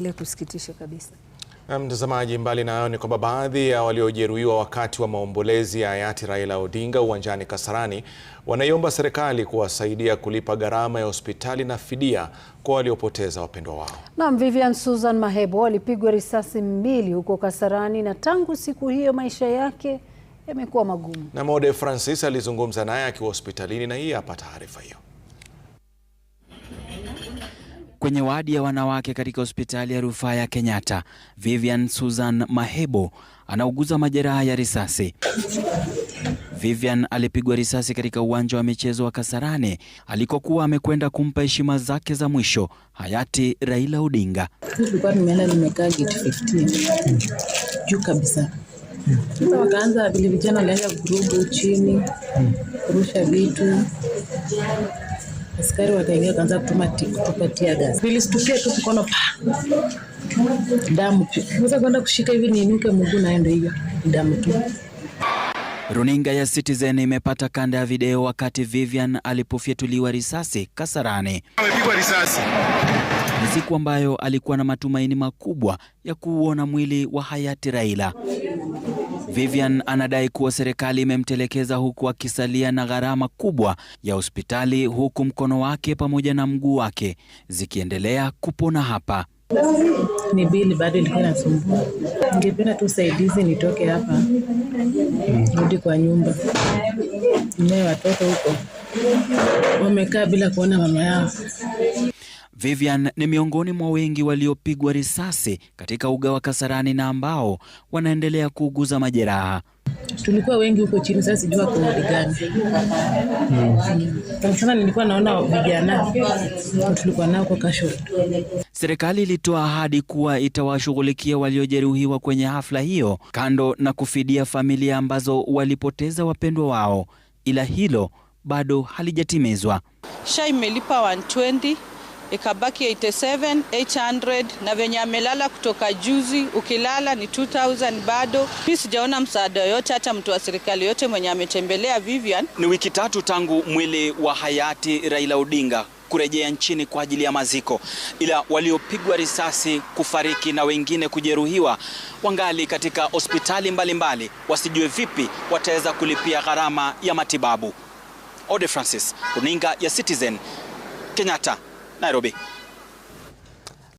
ile kusikitisha kabisa. Mtazamaji, mbali nayo ni kwamba baadhi ya waliojeruhiwa wakati wa maombolezi ya hayati Raila Odinga uwanjani Kasarani wanaiomba serikali kuwasaidia kulipa gharama ya hospitali na fidia kwa waliopoteza wapendwa wao. Naam, Vivian Susan Mahebo alipigwa risasi mbili huko Kasarani na tangu siku hiyo maisha yake yamekuwa magumu. Na Mode Francis alizungumza naye akiwa hospitalini na hii hapa taarifa hiyo. Kwenye wadi ya wanawake katika hospitali ya rufaa ya Kenyatta, Vivian Susan Mahebo anauguza majeraha ya risasi. Vivian alipigwa risasi katika uwanja wa michezo wa Kasarani alikokuwa amekwenda kumpa heshima zake za mwisho hayati Raila Odinga. nimekaa gate 15 juu kabisa, sasa wakaanza vile vijana walianza vurugu chini, kurusha vitu askari wakaingia kaanza kutupatia gasi, vilistukia tu mkono pa damu kuweza kwenda kushika hivi niinuke mguu naendo hiyo damu tu. Runinga ya Citizen imepata kanda ya video wakati Vivian alipofyatuliwa risasi Kasarani. Amepigwa risasi. Ni siku ambayo alikuwa na matumaini makubwa ya kuuona mwili wa hayati Raila. Vivian anadai kuwa serikali imemtelekeza huku akisalia na gharama kubwa ya hospitali huku mkono wake pamoja na mguu wake zikiendelea kupona hapa. Ni bili bado ilikuwa inasumbua. Ningependa tu usaidizi nitoke hapa rudi kwa nyumba. Ninaye watoto huko wamekaa bila kuona mama yao. Vivian ni miongoni mwa wengi waliopigwa risasi katika uga wa Kasarani na ambao wanaendelea kuuguza majeraha. Tulikuwa wengi huko chini, sasa sijua kwa hali gani. Hmm. Sana nilikuwa naona vijana tulikuwa nao kwa kasho. Serikali ilitoa ahadi kuwa itawashughulikia waliojeruhiwa kwenye hafla hiyo, kando na kufidia familia ambazo walipoteza wapendwa wao, ila hilo bado halijatimizwa. Sha imelipa 120 ikabaki 87 800, na venye amelala kutoka juzi, ukilala ni 2000 bado. Mi sijaona msaada yoyote, hata mtu wa serikali yote mwenye ametembelea Vivian. Ni wiki tatu tangu mwili wa hayati Raila Odinga kurejea nchini kwa ajili ya maziko, ila waliopigwa risasi kufariki na wengine kujeruhiwa wangali katika hospitali mbalimbali, wasijue vipi wataweza kulipia gharama ya matibabu. Ode Francis, runinga ya Citizen, Kenyatta. Nairobi.